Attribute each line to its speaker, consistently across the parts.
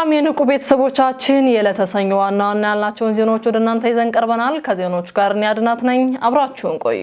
Speaker 1: ሰላም የንቁ ቤተሰቦቻችን የዕለተሰኞ ዋና ዋና ያልናቸውን ዜናዎች ወደ እናንተ ይዘን ቀርበናል። ከዜናዎቹ ጋር እኔ አድናት ነኝ። አብራችሁን ቆዩ።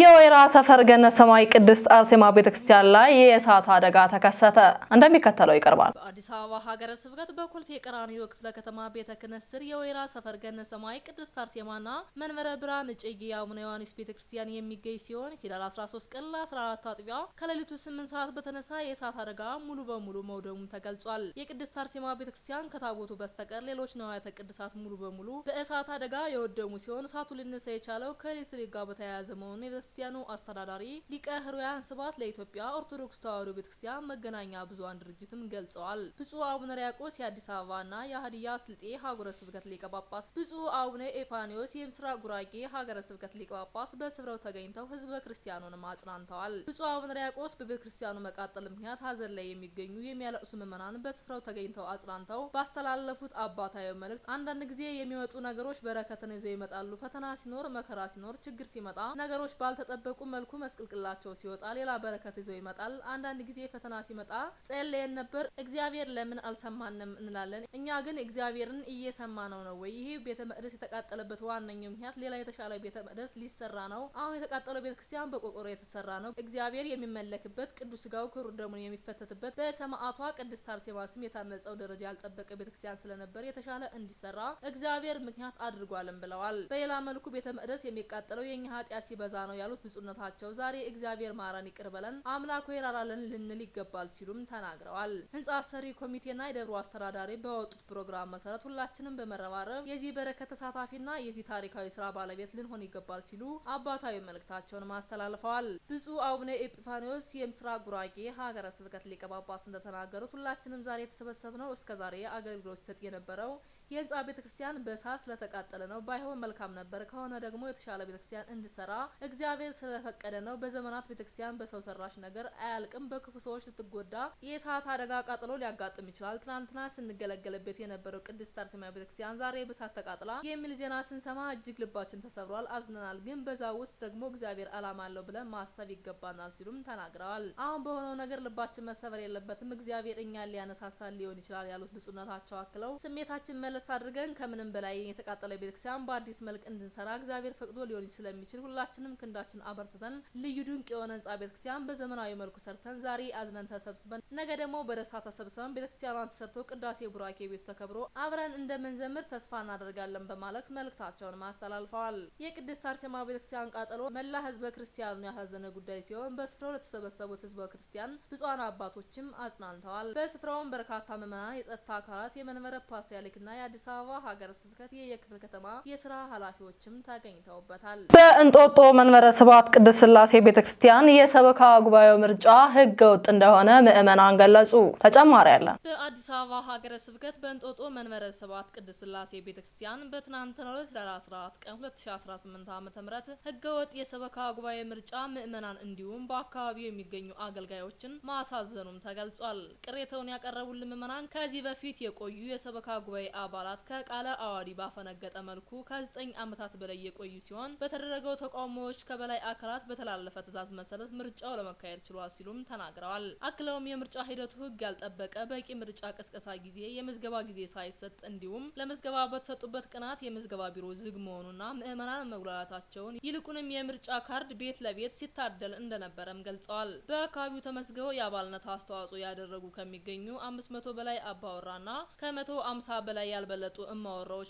Speaker 1: የወይራ ሰፈር ገነ ሰማይ ቅድስት አርሴማ ቤተክርስቲያን ላይ የእሳት አደጋ ተከሰተ። እንደሚከተለው ይቀርባል። በአዲስ አበባ ሀገረ ስብከት በኮልፌ ቀራኒዮ ክፍለ ከተማ ቤተ ክህነት ስር የወይራ ሰፈር ገነ ሰማይ ቅድስት አርሴማና መንበረ ብርሃን እጨጌ አቡነ ዮሐንስ ቤተክርስቲያን የሚገኝ ሲሆን ሂዳር 13 ቀን ለ14 አጥቢያ ከሌሊቱ 8 ሰዓት በተነሳ የእሳት አደጋ ሙሉ በሙሉ መውደሙም ተገልጿል። የቅድስት አርሴማ ቤተክርስቲያን ከታቦቱ በስተቀር ሌሎች ነዋያተ ቅድሳት ሙሉ በሙሉ በእሳት አደጋ የወደሙ ሲሆን እሳቱ ሊነሳ የቻለው ከኤሌክትሪክ ጋር በተያያዘ መሆኑን ክርስቲያኑ አስተዳዳሪ ሊቀ ህሩያን ስብሐት ለኢትዮጵያ ኦርቶዶክስ ተዋሕዶ ቤተክርስቲያን መገናኛ ብዙኃን ድርጅትም ገልጸዋል። ብፁዕ አቡነ ሪያቆስ የአዲስ አበባና የሀዲያ ስልጤ ሀገረ ስብከት ሊቀ ጳጳስ፣ ብፁዕ አቡነ ኤፓኒዮስ የምስራቅ ጉራጌ ሀገረ ስብከት ሊቀ ጳጳስ በስብረው ተገኝተው ህዝበ ክርስቲያኑንም አጽናንተዋል። ብፁዕ አቡነ ሪያቆስ በቤተ ክርስቲያኑ መቃጠል ምክንያት ሀዘን ላይ የሚገኙ የሚያለቅሱ ምዕመናን በስፍራው ተገኝተው አጽናንተው ባስተላለፉት አባታዊ መልእክት አንዳንድ ጊዜ የሚመጡ ነገሮች በረከትን ይዘው ይመጣሉ። ፈተና ሲኖር፣ መከራ ሲኖር፣ ችግር ሲመጣ ነገሮች ባል ባልተጠበቁ መልኩ መስቅልቅላቸው ሲወጣ ሌላ በረከት ይዞ ይመጣል። አንዳንድ ጊዜ ፈተና ሲመጣ ጸልየን ነበር፣ እግዚአብሔር ለምን አልሰማንም እንላለን። እኛ ግን እግዚአብሔርን እየሰማ ነው ነው ወይ? ይሄ ቤተ መቅደስ የተቃጠለበት ዋነኛው ምክንያት ሌላ የተሻለ ቤተ መቅደስ ሊሰራ ነው። አሁን የተቃጠለው ቤተ ክርስቲያን የተሰራ ነው። እግዚአብሔር የሚመለክበት ቅዱስ ስጋው ክቡር ደሙን የሚፈተትበት በሰማዕቷ ቅድስት አርሴማ ስም የታነጸው ደረጃ ያልጠበቀ ቤተ ክርስቲያን ስለነበር የተሻለ እንዲሰራ እግዚአብሔር ምክንያት አድርጓልም ብለዋል። በሌላ መልኩ ቤተ መቅደስ የሚቃጠለው የእኛ ኃጢአት ሲበዛ ነው ያሉት ብፁዕነታቸው ዛሬ እግዚአብሔር ማራን ይቅር በለን አምላኩ ይራራለን ልንል ይገባል ሲሉም ተናግረዋል። ህንጻ አሰሪ ኮሚቴና የደብሩ አስተዳዳሪ በወጡት ፕሮግራም መሰረት ሁላችንም በመረባረብ የዚህ በረከት ተሳታፊና የዚህ ታሪካዊ ስራ ባለቤት ልንሆን ይገባል ሲሉ አባታዊ መልእክታቸውን ማስተላልፈዋል። ብፁዕ አቡነ ኤጲፋኒዎስ የምስራቅ ጉራጌ ሀገረ ስብከት ሊቀ ጳጳስ እንደተናገሩት ሁላችንም ዛሬ የተሰበሰብነው እስከ ዛሬ አገልግሎት ሲሰጥ የነበረው የህንፃ ቤተክርስቲያን በእሳት ስለተቃጠለ ነው። ባይሆን መልካም ነበር። ከሆነ ደግሞ የተሻለ ቤተክርስቲያን እንድሰራ እግዚአብሔር ስለፈቀደ ነው። በዘመናት ቤተክርስቲያን በሰው ሰራሽ ነገር አያልቅም። በክፉ ሰዎች ልትጎዳ፣ የእሳት አደጋ ቃጥሎ ሊያጋጥም ይችላል። ትናንትና ስንገለገልበት የነበረው ቅድስት አርሴማ ቤተክርስቲያን ዛሬ በእሳት ተቃጥላ የሚል ዜና ስንሰማ እጅግ ልባችን ተሰብሯል፣ አዝነናል። ግን በዛ ውስጥ ደግሞ እግዚአብሔር አላማ አለው ብለን ማሰብ ይገባናል ሲሉም ተናግረዋል። አሁን በሆነው ነገር ልባችን መሰበር የለበትም። እግዚአብሔር እኛን ሊያነሳሳል ሊሆን ይችላል ያሉት ብፁዕነታቸው አክለው ስሜታችን መለስ ቀስ አድርገን ከምንም በላይ የተቃጠለ ቤተክርስቲያን በአዲስ መልክ እንድንሰራ እግዚአብሔር ፈቅዶ ሊሆን ስለሚችል ሁላችንም ክንዳችን አበርትተን ልዩ ድንቅ የሆነ ህንጻ ቤተክርስቲያን በዘመናዊ መልኩ ሰርተን ዛሬ አዝነን ተሰብስበን ነገ ደግሞ በደስታ ተሰብስበን ቤተክርስቲያኗን ተሰርቶ ቅዳሴ ቡራኬ ቤቱ ተከብሮ አብረን እንደምንዘምር ተስፋ እናደርጋለን በማለት መልእክታቸውን አስተላልፈዋል። የቅድስት አርሴማ ቤተክርስቲያን ቃጠሎ መላ ህዝበ ክርስቲያኑን ያሳዘነ ጉዳይ ሲሆን በስፍራው ለተሰበሰቡት ህዝበ ክርስቲያን ብፁዓን አባቶችም አጽናንተዋል። በስፍራውም በርካታ ምዕመናን፣ የጸጥታ አካላት፣ የመንበረ ፓትርያርክና የአዲስ አበባ ሀገረ ስብከት የየክፍል ከተማ የስራ ኃላፊዎችም ተገኝተውበታል። በእንጦጦ መንበረ ስብሐት ቅድስት ስላሴ ቤተክርስቲያን የሰበካ ጉባኤው ምርጫ ህገ ወጥ እንደሆነ ምዕመናን ገለጹ። ተጨማሪ ያለን በአዲስ አበባ ሀገረ ስብከት በእንጦጦ መንበረ ስብሐት ቅድስት ስላሴ ቤተክርስቲያን በትናንትናው ዕለት 14 ቀን 2018 ዓ.ም ህገ ወጥ የሰበካ ጉባኤ ምርጫ ምእመናን እንዲሁም በአካባቢው የሚገኙ አገልጋዮችን ማሳዘኑም ተገልጿል። ቅሬታውን ያቀረቡልን ምዕመናን ከዚህ በፊት የቆዩ የሰበካ ጉባኤ አባ አባላት ከቃለ አዋዲ ባፈነገጠ መልኩ ከዘጠኝ ዓመታት በላይ የቆዩ ሲሆን በተደረገው ተቃውሞዎች ከበላይ አካላት በተላለፈ ትዕዛዝ መሰረት ምርጫው ለመካሄድ ችሏል ሲሉም ተናግረዋል። አክለውም የምርጫ ሂደቱ ህግ ያልጠበቀ በቂ ምርጫ ቅስቀሳ ጊዜ፣ የምዝገባ ጊዜ ሳይሰጥ እንዲሁም ለምዝገባ በተሰጡበት ቀናት የምዝገባ ቢሮ ዝግ መሆኑና ምዕመናን መጉላላታቸውን ይልቁንም የምርጫ ካርድ ቤት ለቤት ሲታደል እንደነበረም ገልጸዋል። በአካባቢው ተመዝግበው የአባልነት አስተዋጽኦ ያደረጉ ከሚገኙ አምስት መቶ በላይ አባወራና ከመቶ አምሳ በላይ ያለ ያልበለጡ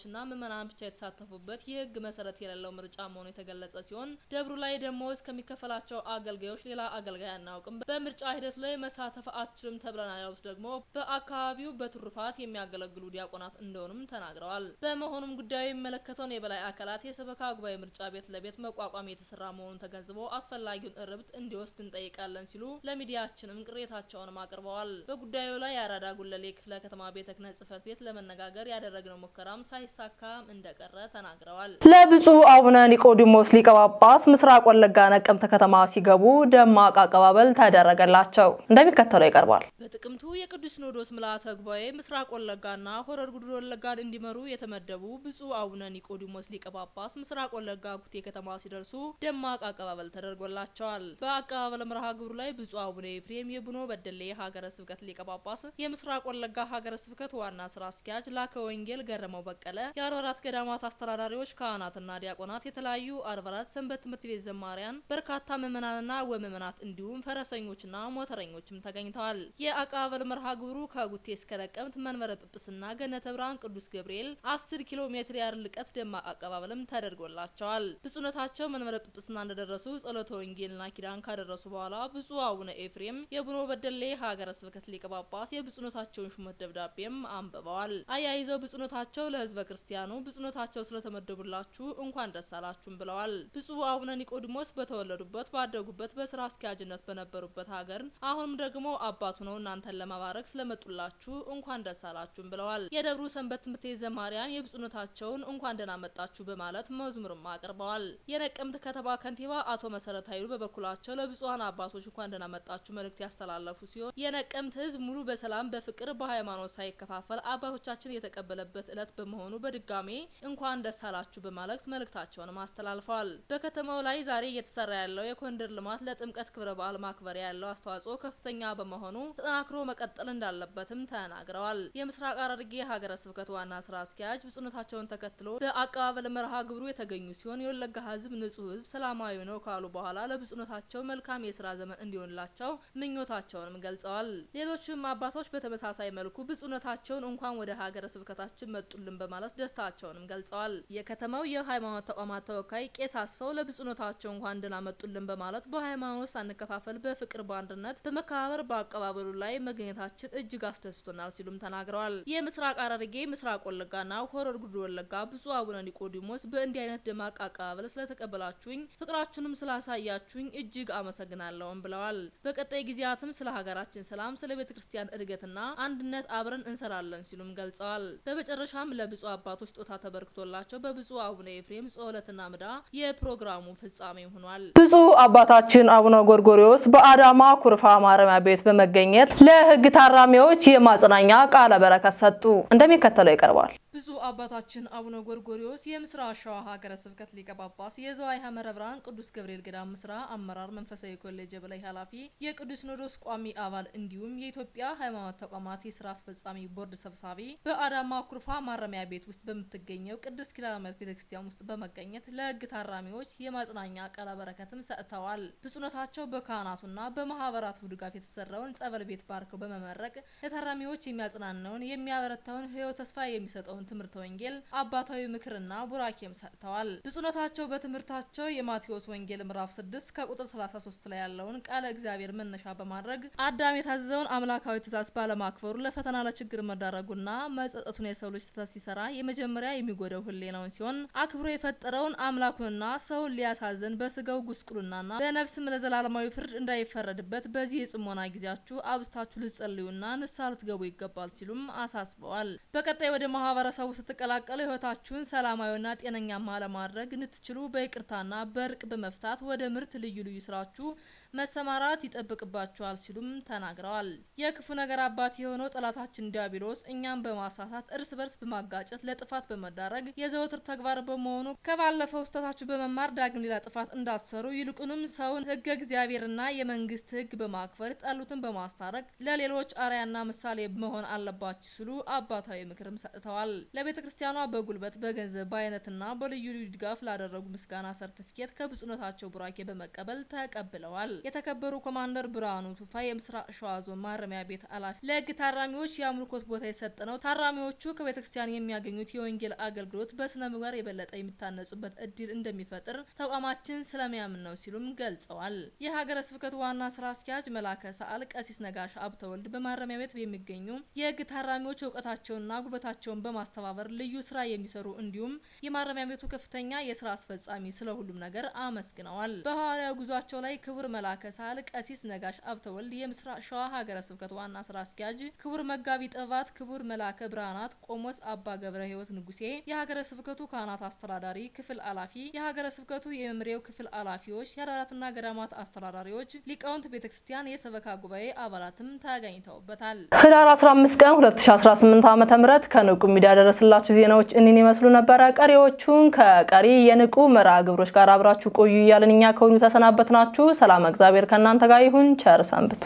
Speaker 1: እና ምዕመናን ብቻ የተሳተፉበት የህግ መሰረት የሌለው ምርጫ መሆኑ የተገለጸ ሲሆን ደብሩ ላይ ደሞዝ ከሚከፈላቸው አገልጋዮች ሌላ አገልጋይ አናውቅም፣ በምርጫ ሂደቱ ላይ መሳተፍ አትችልም ተብለናል ያሉት ደግሞ በአካባቢው በትሩፋት የሚያገለግሉ ዲያቆናት እንደሆኑም ተናግረዋል። በመሆኑም ጉዳዩ የሚመለከተውን የበላይ አካላት የሰበካ ጉባኤ ምርጫ ቤት ለቤት መቋቋም የተሰራ መሆኑን ተገንዝቦ አስፈላጊውን እርብት እንዲወስድ እንጠይቃለን ሲሉ ለሚዲያችንም ቅሬታቸውንም አቅርበዋል። በጉዳዩ ላይ የአራዳ ጉለሌ ክፍለ ከተማ ቤተ ክህነት ጽህፈት ቤት ለመነጋገር ያደረግነው ሙከራም ሳይሳካም እንደቀረ ተናግረዋል። ለብፁዕ አቡነ ኒቆዲሞስ ሊቀ ጳጳስ ምስራቅ ወለጋ ነቀምተ ከተማ ሲገቡ ደማቅ አቀባበል ተደረገላቸው። እንደሚከተለው ይቀርባል። በጥቅምቱ የቅዱስ ሲኖዶስ ምልአተ ጉባኤ ምስራቅ ወለጋና ሆረር ጉድሩ ወለጋን እንዲመሩ የተመደቡ ብፁዕ አቡነ ኒቆዲሞስ ሊቀ ጳጳስ ምስራቅ ወለጋ ጉቴ ከተማ ሲደርሱ ደማቅ አቀባበል ተደርጎላቸዋል። በአቀባበል መርሃ ግብሩ ላይ ብፁዕ አቡነ ኤፍሬም የቡኖ በደሌ ሀገረ ስብከት ሊቀ ጳጳስ፣ የምስራቅ ወለጋ ሀገረ ስብከት ዋና ስራ አስኪያጅ ላከወ ወንጌል ገረመው በቀለ የአድባራት ገዳማት አስተዳዳሪዎች፣ ካህናትና ዲያቆናት፣ የተለያዩ አድባራት ሰንበት ትምህርት ቤት ዘማሪያን፣ በርካታ ምዕመናንና ወምእመናት እንዲሁም ፈረሰኞችና ሞተረኞችም ተገኝተዋል። የአቀባበል መርሃ ግብሩ ከጉቴ እስከ ለቀምት መንበረ ጵጵስና ገነተ ብርሃን ቅዱስ ገብርኤል 10 ኪሎ ሜትር ያህል ርቀት ደማቅ አቀባበልም ተደርጎላቸዋል። ብፁዕነታቸው መንበረ ጵጵስና እንደደረሱ ጸሎተ ወንጌልና ኪዳን ካደረሱ በኋላ ብፁዕ አቡነ ኤፍሬም የቡኖ በደሌ ሀገረ ስብከት ሊቀ ጳጳስ የብፁዕነታቸውን ሹመት ደብዳቤም አንብበዋል። አያይዘው ብጹዕነታቸው ለህዝበ ክርስቲያኑ ብጹዕነታቸው ስለተመደቡላችሁ እንኳን ደስ አላችሁም ብለዋል። ብጹዕ አቡነ ኒቆዲሞስ በተወለዱበት ባደጉበት፣ በስራ አስኪያጅነት በነበሩበት ሀገር አሁንም ደግሞ አባቱ ነው እናንተን ለማባረክ ስለመጡላችሁ እንኳን ደስ አላችሁም ብለዋል። የደብሩ ሰንበት ትምህርት ቤት ዘማሪያን የብጹዕነታቸውን እንኳን ደህና መጣችሁ በማለት መዝሙርም አቅርበዋል። የነቀምት ከተማ ከንቲባ አቶ መሰረት ኃይሉ በበኩላቸው ለብፁዓን አባቶች እንኳን ደህና መጣችሁ መልእክት ያስተላለፉ ሲሆን የነቀምት ህዝብ ሙሉ በሰላም በፍቅር በሃይማኖት ሳይከፋፈል አባቶቻችን የተቀበ የተቀበለበት ዕለት በመሆኑ በድጋሜ እንኳን ደስ አላችሁ በማለት መልእክታቸውንም አስተላልፈዋል። በከተማው ላይ ዛሬ እየተሰራ ያለው የኮንደር ልማት ለጥምቀት ክብረ በዓል ማክበሪያ ያለው አስተዋጽኦ ከፍተኛ በመሆኑ ተጠናክሮ መቀጠል እንዳለበትም ተናግረዋል። የምስራቅ ሐረርጌ ሀገረ ስብከት ዋና ስራ አስኪያጅ ብፁዕነታቸውን ተከትሎ በአቀባበል መርሃ ግብሩ የተገኙ ሲሆን የወለጋ ህዝብ ንጹህ ህዝብ ሰላማዊ ነው ካሉ በኋላ ለብፁዕነታቸው መልካም የስራ ዘመን እንዲሆንላቸው ምኞታቸውንም ገልጸዋል። ሌሎችም አባቶች በተመሳሳይ መልኩ ብፁዕነታቸውን እንኳን ወደ ሀገረ ስብከት አባታችን መጡልን በማለት ደስታቸውንም ገልጸዋል። የከተማው የሃይማኖት ተቋማት ተወካይ ቄስ አስፈው ለብፁዕነታቸው እንኳን ደህና መጡልን በማለት በሃይማኖት ሳንከፋፈል በፍቅር በአንድነት በመከባበር በአቀባበሉ ላይ መገኘታችን እጅግ አስደስቶናል ሲሉም ተናግረዋል። የምስራቅ ሐረርጌ ምስራቅ ወለጋና ሆረር ጉድሩ ወለጋ ብፁዕ አቡነ ኒቆዲሞስ በእንዲህ አይነት ደማቅ አቀባበል ስለተቀበላችሁኝ ፍቅራችሁንም ስላሳያችሁኝ እጅግ አመሰግናለሁም ብለዋል። በቀጣይ ጊዜያትም ስለ ሀገራችን ሰላም፣ ስለ ቤተ ክርስቲያን እድገትና አንድነት አብረን እንሰራለን ሲሉም ገልጸዋል። በመጨረሻም ለብፁዕ አባቶች ጦታ ተበርክቶላቸው በብፁዕ አቡነ ኤፍሬም ጸሎትና ምዳ የፕሮግራሙ ፍጻሜ ሆኗል። ብፁዕ አባታችን አቡነ ጎርጎሪዎስ በአዳማ ኩርፋ ማረሚያ ቤት በመገኘት ለህግ ታራሚዎች የማጽናኛ ቃለ በረከት ሰጡ። እንደሚከተለው ይቀርባል። ብፁዕ አባታችን አቡነ ጎርጎሪዎስ የምስራ ሸዋ ሀገረ ስብከት ሊቀ ጳጳስ፣ የዘዋይ ሐመረ ብርሃን ቅዱስ ገብርኤል ገዳም ምስራ አመራር መንፈሳዊ ኮሌጅ በላይ ኃላፊ፣ የቅዱስ ሲኖዶስ ቋሚ አባል እንዲሁም የኢትዮጵያ ሃይማኖት ተቋማት የስራ አስፈጻሚ ቦርድ ሰብሳቢ በአዳማ ኩርፋ ማረሚያ ቤት ውስጥ በምትገኘው ቅድስት ኪዳነ ምሕረት ቤተክርስቲያን ውስጥ በመገኘት ለህግ ታራሚዎች የማጽናኛ ቃለ በረከትም ሰጥተዋል። ብፁዕነታቸው በካህናቱና በማህበራቱ ድጋፍ የተሰራውን ጸበል ቤት ባርከው በመመረቅ ለታራሚዎች የሚያጽናነውን የሚያበረታውን ህይወት ተስፋ የሚሰጠውን የሰጡን ትምህርተ ወንጌል አባታዊ ምክርና ቡራኬም ሰጥተዋል። ብፁዕነታቸው በትምህርታቸው የማቴዎስ ወንጌል ምዕራፍ 6 ከቁጥር 33 ላይ ያለውን ቃለ እግዚአብሔር መነሻ በማድረግ አዳም የታዘዘውን አምላካዊ ትእዛዝ ባለማክበሩ ለፈተና ለችግር መዳረጉና መጸጸቱን የሰው ልጅ ስህተት ሲሰራ የመጀመሪያ የሚጎደው ሕሊናውን ሲሆን አክብሮ የፈጠረውን አምላኩንና ሰውን ሊያሳዝን በስጋው ጉስቁልናና በነፍስም ለዘላለማዊ ፍርድ እንዳይፈረድበት በዚህ የጽሞና ጊዜያችሁ አብስታችሁ ልትጸልዩና ንስሐ ልትገቡ ይገባል ሲሉም አሳስበዋል። በቀጣይ ወደ ማህበረ ማህበረሰቡ ስትቀላቀሉ ህይወታችሁን ሰላማዊና ጤነኛማ ለማድረግ እንትችሉ በይቅርታና በእርቅ በመፍታት ወደ ምርት ልዩ ልዩ ስራችሁ መሰማራት ይጠብቅባቸዋል ሲሉም ተናግረዋል። የክፉ ነገር አባት የሆነው ጠላታችን ዲያብሎስ እኛም በማሳሳት እርስ በርስ በማጋጨት ለጥፋት በመዳረግ የዘወትር ተግባር በመሆኑ ከባለፈው ስህተታችሁ በመማር ዳግም ሌላ ጥፋት እንዳትሰሩ ይልቁንም ሰውን ሕገ እግዚአብሔርና የመንግስት ሕግ በማክበር ጠሉትን በማስታረቅ ለሌሎች አርያና ምሳሌ መሆን አለባችሁ ሲሉ አባታዊ ምክርም ሰጥተዋል። ለቤተ ክርስቲያኗ በጉልበት በገንዘብ በአይነትና በልዩ ልዩ ድጋፍ ላደረጉ ምስጋና ሰርቲፊኬት ከብፁዕነታቸው ቡራኬ በመቀበል ተቀብለዋል። የተከበሩ ኮማንደር ብርሃኑ ቱፋ የምስራቅ ሸዋ ዞን ማረሚያ ቤት ኃላፊ ለህግ ታራሚዎች የአምልኮት ቦታ የሰጠ ነው። ታራሚዎቹ ከቤተ ክርስቲያን የሚያገኙት የወንጌል አገልግሎት በስነ ምግባር የበለጠ የሚታነጹበት እድል እንደሚፈጥር ተቋማችን ስለሚያምን ነው ሲሉም ገልጸዋል። የሀገረ ስብከቱ ዋና ስራ አስኪያጅ መላከ ሰዓል ቀሲስ ነጋሽ አብተወልድ በማረሚያ ቤት የሚገኙ የህግ ታራሚዎች እውቀታቸውንና ጉልበታቸውን በማስተባበር ልዩ ስራ የሚሰሩ እንዲሁም የማረሚያ ቤቱ ከፍተኛ የስራ አስፈጻሚ ስለ ሁሉም ነገር አመስግነዋል። በሐዋርያው ጉዟቸው ላይ ክቡር መላ ከሳል ቀሲስ ነጋሽ አብተወልድ የምስራቅ ሸዋ ሀገረ ስብከት ዋና ስራ አስኪያጅ፣ ክቡር መጋቢ ጥበባት ክቡር መላከ ብርሃናት ቆሞስ አባ ገብረ ህይወት ንጉሴ የሀገረ ስብከቱ ካህናት አስተዳዳሪ ክፍል አላፊ የሀገረ ስብከቱ የመምሬው ክፍል አላፊዎች የአድባራትና ገዳማት አስተዳዳሪዎች፣ ሊቃውንት ቤተ ክርስቲያን፣ የሰበካ ጉባኤ አባላትም ተገኝተውበታል። ህዳር 15 ቀን 2018 ዓ ም ከንቁ ሚዲያ ደረስላችሁ ዜናዎች እኒን ይመስሉ ነበረ። ቀሪዎቹን ከቀሪ የንቁ መርሃ ግብሮች ጋር አብራችሁ ቆዩ እያለን እኛ ከሁሉ ተሰናበት ናችሁ። ሰላም እግዚአብሔር ከእናንተ ጋር ይሁን። ቸር ሰንብቱ።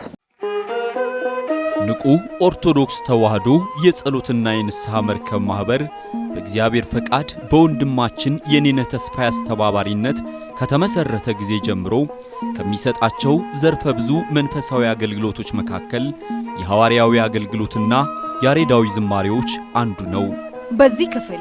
Speaker 2: ንቁ ኦርቶዶክስ ተዋህዶ የጸሎትና የንስሐ መርከብ ማኅበር በእግዚአብሔር ፈቃድ በወንድማችን የኔነ ተስፋ አስተባባሪነት ከተመሠረተ ጊዜ ጀምሮ ከሚሰጣቸው ዘርፈ ብዙ መንፈሳዊ አገልግሎቶች መካከል የሐዋርያዊ አገልግሎትና ያሬዳዊ ዝማሬዎች አንዱ ነው።
Speaker 3: በዚህ ክፍል